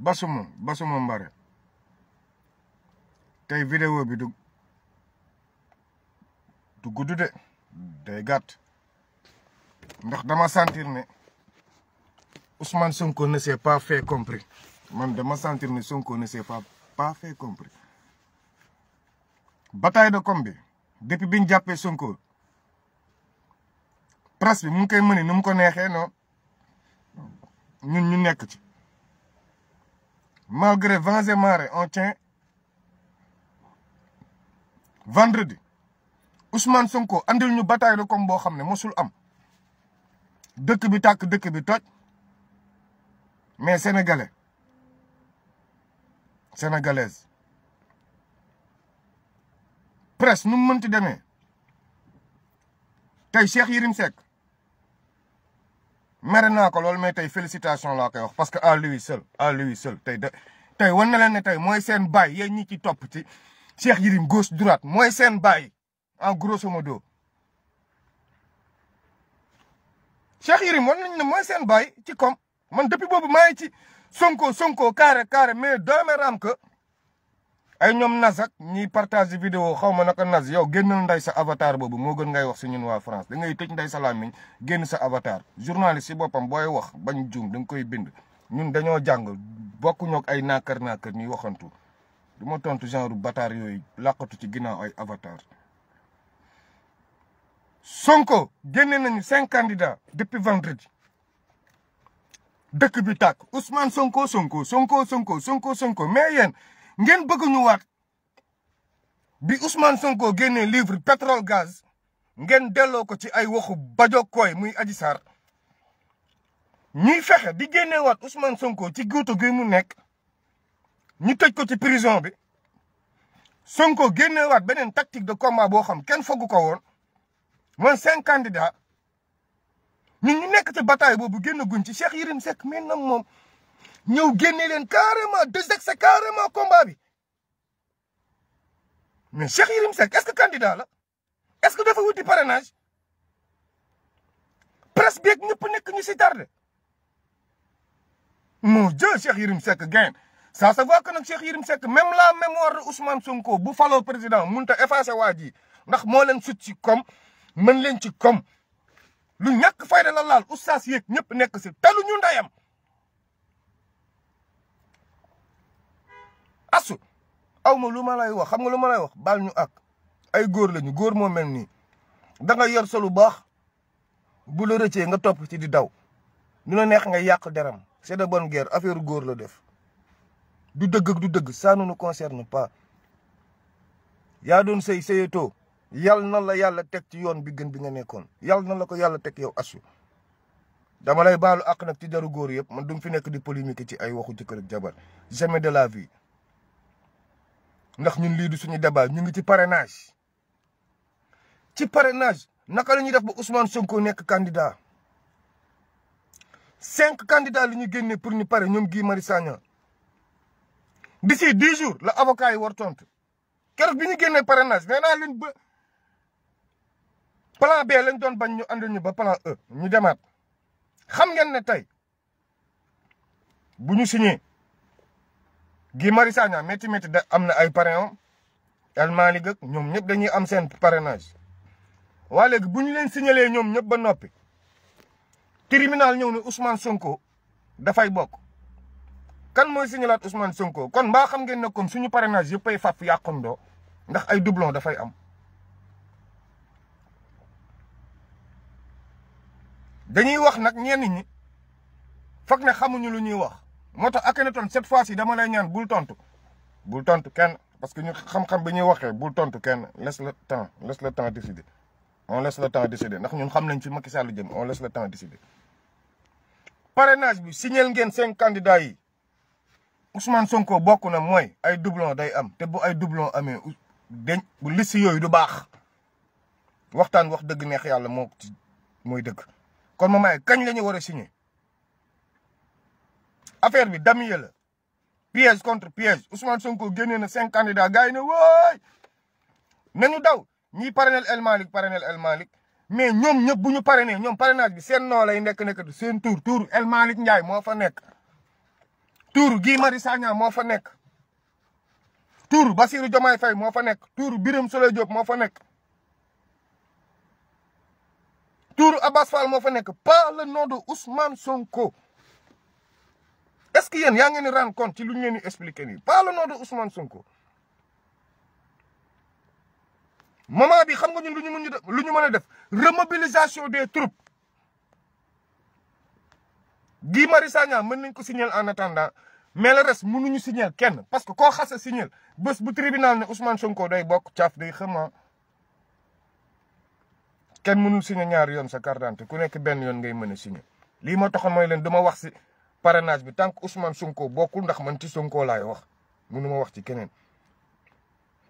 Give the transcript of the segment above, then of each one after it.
Basuma Basuma Mbare tey vidéo bi du du gudd de day gàtt ndax dama sentir ne Ousmane Sonko ne s'est pas fait compris man dama sentir ne Sonko ne s'est pas pas fait compris bataille de com bi depuis bi ñu jàppee Sonko presse bi mu ngi koy mëne ko neexee non ñun ñu nekk ci. malgré vents et marées on tient vendredi Ousmane Sonko andil ñu bataille de comme boo xam ne mosul am dëkk bi tàkk dëkk bi toj mais sénégalais sénégalaise presse nu mu mënti demee tey Cheikh Yérim sek mere naa ko lool mais tey félicitation la koy wax parce que à lui seul à lui tey de tey wan na leen ne tey mooy seen baay yéen ñi ci topp ci Cheikh Yérim gauche droite mooy seen baay en grosso modo. Cheikh Yérim wan nañ ne mooy seen baay ci kom man depuis boobu maa ngi ci Sonko Sonko carré carré mais doomeram que ay ñoom nas ak ñiy partage vidéo xaw ma naka nas yow génnal nday sa avatar boobu moo gën ngay wax si ñun waa France da ngay tëj nday sa làmmiñ génn sa avatar journaliste si boppam booy wax bañ juum da nga koy bind ñun dañoo jàng bokkuñoo ak ay naakar naakar ñuy waxantu du ma tontu genre bataar yooyu làqatu ci ginnaaw ay avatar Sonko génne nañu cinq candidats depuis vendredi dëkk bi tàkk Ousmane Sonko Sonko Sonko Sonko Sonko Sonko mais yéen ngeen bëgg ñu waat bi Ousmane Sonko génnee livre pétrole gaz ngeen delloo ko ci ay waxu bajo koy muy aji sar ñuy fexe bi génnee waat Ousmane Sonko ci góoto gi mu nekk ñu tëj ko ci prison bi Sonko génnee waat beneen tactique de combat boo xam kenn foog ko woon mooy cinq candidats ñun ñu nekk ci bataille boobu génn guñ ci Cheikh Yérim sek mais nag moom. ñëw génne leen carrément désexé carrément combat bi mais Cheikh Yérim Seck est-ce que candidat la est-ce que dafa wuti parrainage presse bi ak nekk ñu si tardé mon Dieu Cheikh Yérim Seck gain sa se voit que nag Cheikh Yérim Seck même la mémoire de Ousmane Sonko bu faloo président mënut a waa ji ndax moo leen sut ci kom mën leen ci kom lu ñàkk fayda la laal oustaz yeeg ñëpp nekk si talu ñu ndayam asu aw ma lu ma lay wax xam nga lu ma lay wax baal ñu ak ay góor lañu góor moo mel nii da nga yor sa lu baax bu la rëccee nga topp ci di daw lu la neex nga yàq deram c'est de bonne guerre affaire góor la def du dëgg du dëgg ça ne nous concerne pas yaa doon sey sëyatoo yal na la yàlla teg ci yoon bi gën bi nga nekkoon yal na la ko yàlla teg yow asu dama lay baalu àq nag ci jaru góor yëpp man du fi nekk di polémique ci ay waxu jëkkër jabar jamais de la vie ndax ñun lii du suñu débat ñu ngi ci parrainage ci parrainage naka la ñuy def ba Ousmane Sonko nekk kandida cinq candidats li ñu génnee pour ñu pare ñoom mari Marius Sagna d'ici dix jours la avocat yi war tontu keroog bi ñu génnee parrainage na naa leen ba plan B lañ doon bañ ñu àndal ñu ba plan E ñu demaat xam ngeen ne tey bu ñu signé Guy Marius Sagna métti métti da am na ay parrain El Malick ak ñoom ñëpp dañuy am seen parrainage waa léegi bu ñu leen signalee ñoom ñëpp ba noppi tribunal ñëw ne Ousmane Sonko dafay bokk kan mooy signalaat Ousmane Sonko kon mbaa xam ngeen ne suñu suñu parrainage yëpp ay fàpp yàqandoo ndax ay doublon dafay am dañuy wax nag ñenn ñi foog ne xamuñu lu ñuy wax moo ta tax Akhenaton cette fois ci dama lay ñaan bul tontu bul tontu kenn parce que ñu xam-xam bi ñuy waxee bul tontu kenn laisse le temps laisse le temps décider on laisse le temps décider ndax ñun xam nañ fi Macky Sall jëm on laisse le temps décider. parrainage bi signal ngeen cinq candidats yi Ousmane Sonko bokk na mooy ay doublon day am te bu ay doublon amee dañ bu liste yooyu du baax waxtaan wax dëgg neex yàlla moo mooy dëgg kon ma may kañ la ñu war a signer affaire bi damier la piège contre piège Ousmane Sonko génnee na cinq candidats gars yi ne wooy nañu daw ñii parrainel El Malick parrainel El Malick mais ñoom ñëpp bu ñu parrainé ñoom parrainage bi seen noo lay nekk nekk seen tur tur El Malick ñaay moo fa nekk tur Guy saa Sagna moo fa nekk tur Bassirou Diomaye Faye moo fa nekk tur Birame Souleye Diop moo fa nekk tur Abass Fall moo fa nekk par le nom Sonko es ce que yéen yaa ngeen di rendre compte lu ñu leen di expliquer nii pas le nom de Ousmane Sonko. moment bi xam nga ñun lu ñu mën lu ñu mën a def remobilisation des troupes Guy Marius Sagna mën nañ ko signaler en attendant mais le reste mënuñu signaler kenn parce que koo xasa signaler bés bu tribunal ne Ousmane Sonko day bokk caaf day xëma ah. kenn mënul signaler ñaar yoon sa carte ku nekk benn yoon ngay mën a signaler lii ma taxoon mooy leen duma wax si parrainage bi tant que Ousmane Sonko bokkul ndax man ci Sonko laay wax nu ma wax ci keneen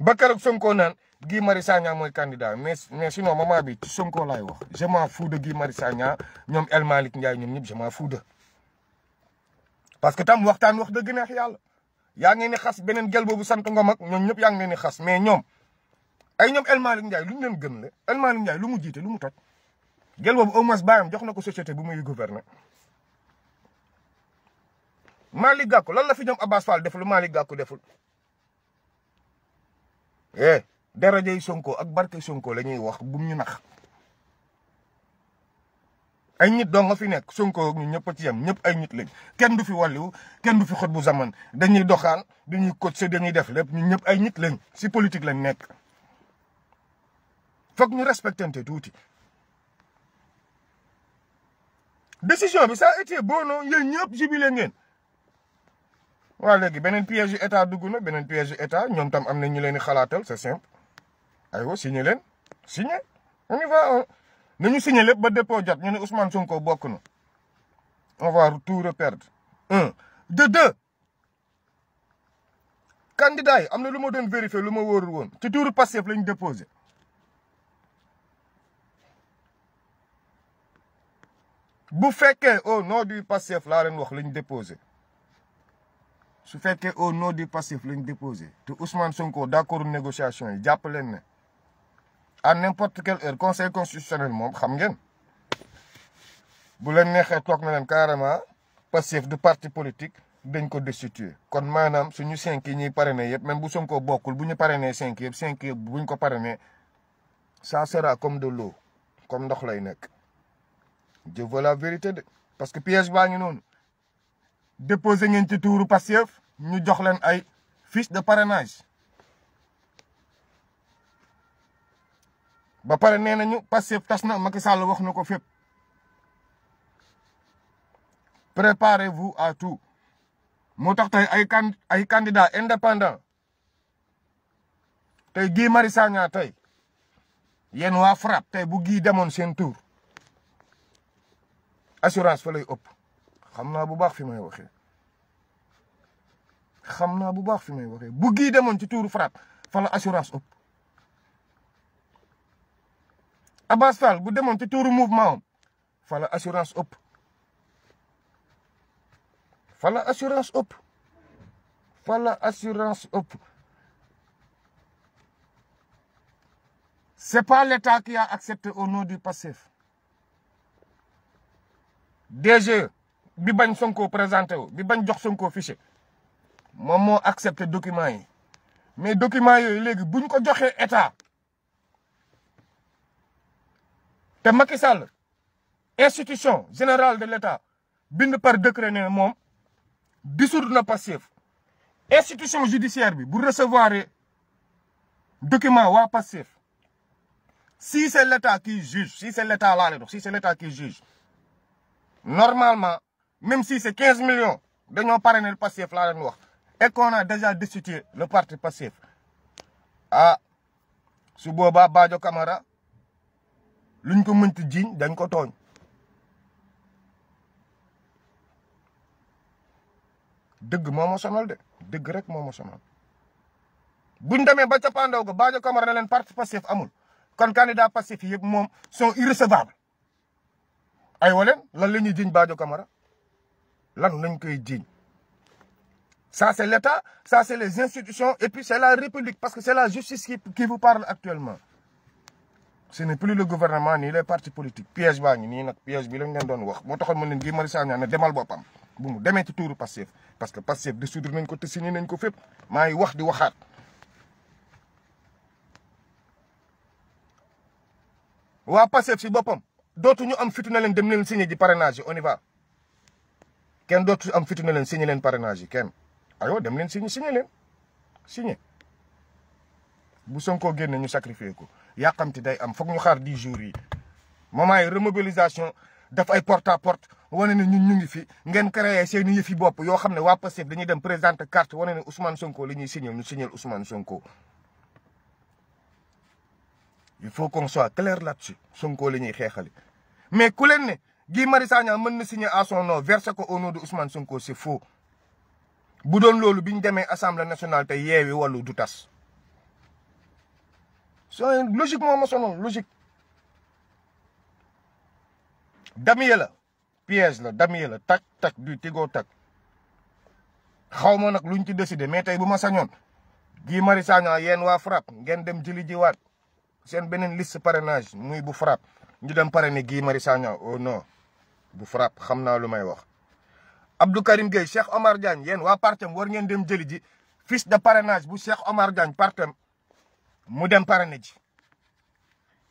ba keroog Sonko naan Guy Marius Sagna mooy candidat mais mais sinon moment bi ci Sonko laay wax je m'en fous mari Guy Marius Sagna ñoom El Malick Ndiaye ñoom ñëpp je m'en fous que tam waxtaan wax dëgg neex yàlla yaa ngeen ni xas beneen gel boobu sant ngom ak ñoom ñëpp yaa ni xas mais ñoom ay ñoom El Malick Ndiaye lu ñu leen gën la El Malick lu mu jiite lu mu toj gel boobu au moins baayam jox na ko société bu muy gouverner Malick Gakou lan la fi ñoom Abass Fall deful Malick Gakou deful. eh darajey Sonko ak barke Sonko la ñuy wax bu ñu nax ay nit doo fi nekk Sonko ak ñëpp a ci yem ñëpp ay nit lañ kenn du fi wàlliw kenn du fi xot bu zaman dañuy doxaan dañuy cotiser dañuy def lépp ñun ñëpp ay nit lañ si politique lañ nekk. foog ñu respectante tuuti décision bi sax a été bon non ñëpp jubilé waa léegi beneen piège yu état dugg na beneen piège yu état ñoom tam am na ñu leen di xalaatal c'est simple aywa signé leen signé on y va nañu signé lépp ba dépôt jot ñu ne Ousmane ko bokk na on va tout reperdre de deux yi am na lu ma doon vérifier lu ma wóorul woon ci tuuru Pastef ñu déposé bu fekkee au nom du Pastef laa leen wax lañ déposé su fekkee au nom du passif lañ déposé te Ousmane Sonko d' accord négociation yi jàpp leen ne n' importe quelle heure conseil constitutionnel moom xam ngeen bu leen neexee toog na leen carrément passif du parti politique dañ ko destituer kon maanaam suñu cinq yi ñuy parrainé yëpp même bu Sonko bokkul bu ñu parrainé cinq yëpp cinq yëpp buñ ko parrainé ça sera comme de l'eau comme ndox lay nekk je veux vérité de parce que piège baa ngi noonu. déposé ngeen ci tuuru Pastef ñu jox leen ay fiche de parrainage ba pare nee nañu Pastef tas na Macky Sall wax na ko fépp préparez-vous à tout moo tax tey ay can ay candidats indépendants tey Guy Marius Sagna tey yéen waa FRAPP bu Guy demoon seen tour assurance fa lay ëpp xam naa bu baax fi may waxee xam naa bu baax fi may waxee bu gii demoon ci tuuru Frapp fa la assurance ëpp Abass Fall bu demoon ci tuuru mouvement am fa la assurance ëpp fa la assurance ëpp fa la assurance ëpp c'est pas l'État qui a accepté au nom du passif DG e. bi bañ Sonko présenté wo bi bañ jox Sonko fichier moom moo accepté document yi mais document yooyu léegi buñ ko joxe état te Macky Sall institution générale de l' état bind par décret ne moom dissoudre na Pastef institution judiciaire bi bu recevoir e document waa Pastef si c' est l' état qui juge si c' est l' état laa lay dox l' état qui juge normalement même si c'est 15 millions dañoo parrainé le Pastef laa leen wax et qu'on a déjà destitué le parti Pastef ah su boobaa Badio Camara luñ ko mënti jiiñ dañ ko tooñ dëgg moo ma sonal de dëgg rek moo ma bu buñ demee ba cappaandaw ga Badio Camara na leen parti Pastef amul kon candidat Pastef yëpp moom sont irrécevables ay waleen lan la ñuy jiiñ Badio Camara lan lañ koy jiiñ ça c'est l'État ça c'est les institutions et puis c'est la République parce que c'est la justice qui qui vous parle actuellement ce n'est plus le gouvernement ni les partis politique piège baa ngi nii nag piège bi la leen doon wax moo taxoon ma leen Guy Marius Sagna ne demal boppam bu mu demee ci tuuru Pastef parce que Pastef dissoudre nañ ko te signé nañ ko fépp maa ngi wax di waxaat waa Pastef si boppam dootu ñu am fitu na leen dem leen signé ji parrainage yi kenn dootu am fitu ne leen signé leen parrainage kenn aywa dem leen signé signé leen signé bu Sonko génne ñu sacrifié ko yaa ti day am foog ñu xaar dix jours yi moment yi remobilisation daf ay porte à porte wane ne ñun ñu ngi fi ngeen créé seen i yëfi bopp yoo xam ne waa Pastef dañuy dem présenté carte wane ne Ousmane Sonko la ñuy signé ñu signé Ousmane Sonko. il faut qu'on soit clair là-dessus Sonko la ñuy xeexale mais ku ne. Guy Marius Sagna mën na signer à son nom versé ko au nom de Ousmane Sonko bu doon loolu bi ñu demee assemblée nationale te yeewi wàllu du tas so logique moo ma sonoon logique damier la piège la damier la tak tak du tigoo tak xaw ma nag luñ ci décidé mais tey bu ma sañoon Guy Marius Sagna yéen waa FRAPP ngeen dem jëli jiwaat seen beneen liste parrainage muy bu FRAPP ñu dem parrainer Guy Marius Sagna au non bu frapp xam naa lu may wax. Abdou Karim Gueye Cheikh Omar Diagne yéen waa partem war ngeen dem jëli ji fiche de parrainage bu Cheikh Omar Diagne partem mu dem parrainé ji.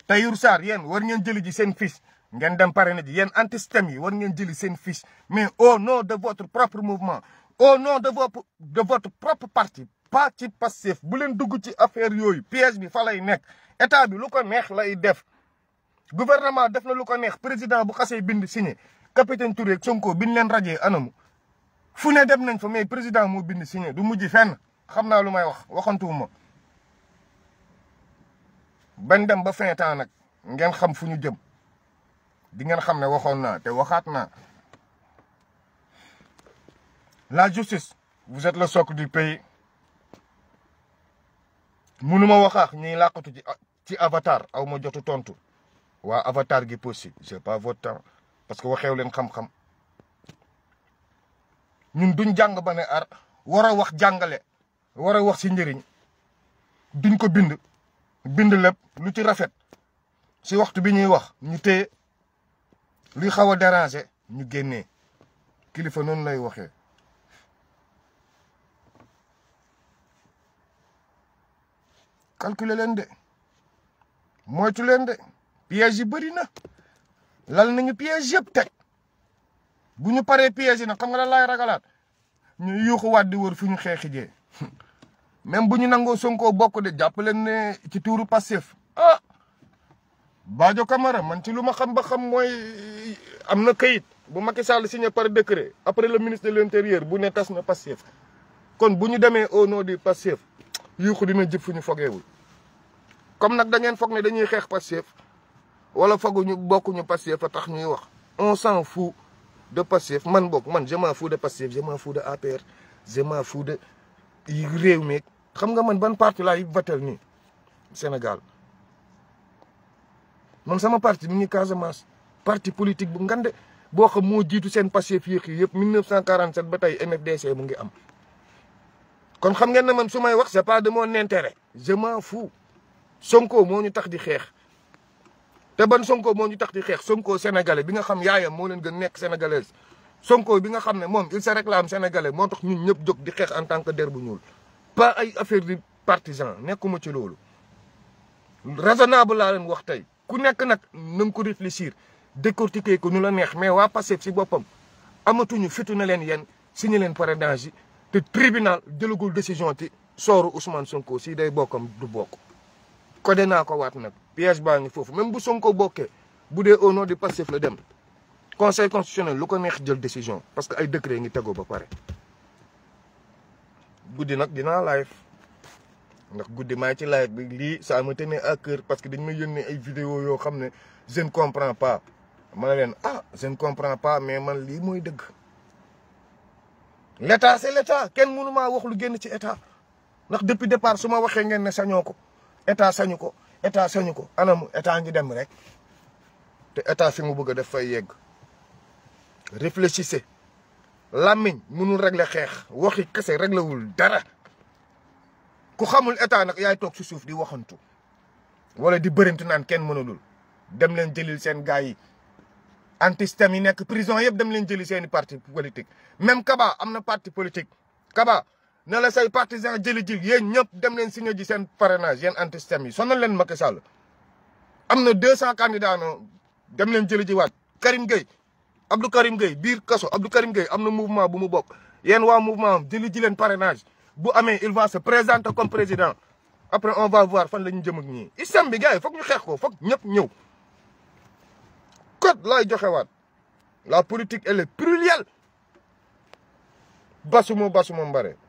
Tayour Sarr yéen war ngeen jëli ji seen fiche ngeen dem parrainé ji yéen antisystème yi war ngeen jëli seen fiche mais au nom de votre propre mouvement au nom de votre de votre propre parti. pa ci Pastef bu leen dugg ci affaire yooyu piège bi fa lay nekk état bi lu ko neex lay def. gouvernement def na lu ko neex président bu xasee bind signé capitaine Touré ak Sonko biñ leen rajee anamu fu ne dem nañ fa mais président moo bind signé du mujj fenn xam naa lu may wax waxantuwuma bañ dem ba fin temps nag ngeen xam fu ñu jëm di ngeen xam ne waxoon naa te waxaat naa la justice vous êtes le socle du pays mënuma waxaax ñuy làqatu ci ci avatar aw ma jotu tontu waa avatar gi possible j'ai pas votre temps parce que waxeew leen xam-xam ñun duñ jàng ba ne ar war a wax jàngale war a wax si njëriñ duñ ko bind bind lépp lu ci rafet si waxtu bi ñuy wax ñu téye luy xaw a déranger ñu génnee kilifa noonu lay waxee calculer leen de moytu leen de piège yi bëri na lal nañu piège yëpp teg bu ñu paree piège yi nag xam nga lan laay ragalaat ñu yuuxuwaat di wër fu ñu xeexi jee même bu ñu nangoo Sonko bokk de jàpp leen ne ci tuuru Pastef a ah! Badio Camara man ci lu ma xam ba xam mooy am na kayit bu Macky Sall signé par décret après le ministre de l' intérieur bu ne tas na Pastef kon bu ñu demee au nom du Pastef di dina jëp fu ñu fogeewul comme nag da ngeen foog ne dañuy xeex Pastef wala faguñu bokkuñu Pastef fa tax ñuy wax on s'en fout de Pastef man bokk man je m'en fous de Pastef je m'en fous de APR je m'en de réew mi xam nga man ban parti laay votel nii Sénégal man sama parti mu ngi Casamance parti politique bu ngande boo xam moo jiitu seen Pastef yéex yi yëpp 1947 ba tey MFDC mu ngi am kon xam ngeen ne man su may wax c'est pas de mon intérêt je m'en Sonko moo ñu tax di xeex te ban Sonko moo ñu tax di xeex Sonko sénégalais bi nga xam yaayam moo leen gën nekk sénégalaise Sonko bi nga xam ne moom il se réclame sénégalais moo tax ñu ñëpp jog di xeex en tant que der bu ñuul pa ay affaire di partisan nekkuma ci loolu raisonnable laa leen wax tey ku nekk nag na nga ko réfléchir décortiquer ko ñu la neex mais waa Pastef si boppam amatuñu fitu ne leen yéen signé leen parrainage yi te tribunal jëlagul décision ci sooru Ousmane Sonko si day bokkam du bokk codé naa ko waat nag piège baa ngi foofu même bu Sonko bokkee bu dee au nom du Pastef la dem conseil constitutionnel lu ko neex jël décision parce que ay décret ngi tegoo ba pare. guddi nag dinaa live ndax guddi maa ci live bi lii ça me tenait à cœur parce que dañ may yónnee ay video yoo xam ne je ne comprends pas ma ne leen ah je ne pas mais man lii mooy dëgg. l' état c' est l' kenn mënu maa wax lu génn ci état ndax depuis départ su ma waxee ngeen ne sañoo ko. état sañu ko état sañu ko anam état ngi dem rek te état si mu bëgg a def fay yegg réfléchissez làmmiñ mënul régler xeex waxi kese réglewul dara ku xamul état nag yaay toog si suuf di waxantu wala di bërintu naan kenn mënulul dem leen jëlil seen gars yi antisystème yi nekk prison yëpp dem leen jëli seeni parti politique même Kaba am na parti politique Kaba ne la say partisan jëli ji yéen ñëpp dem si signé ji seen parenage yéen antisystème yi sonal leen Macky am na deux cent candidats no dem leen jëli ji waat Karim Gueye Abdou Karim Gueye biir kaso Abdou Karim Gueye am na mouvement bu mu bokk yéen waa mouvement am jëli ji leen parrainage bu amee il va se présenter comme président après on va voir fan la ñu jëm ak ñii système bi gars yi foog ñu xeex ko foog ñëpp ñëw code laay joxewaat la politique elle est plurielle basuma basuma mbare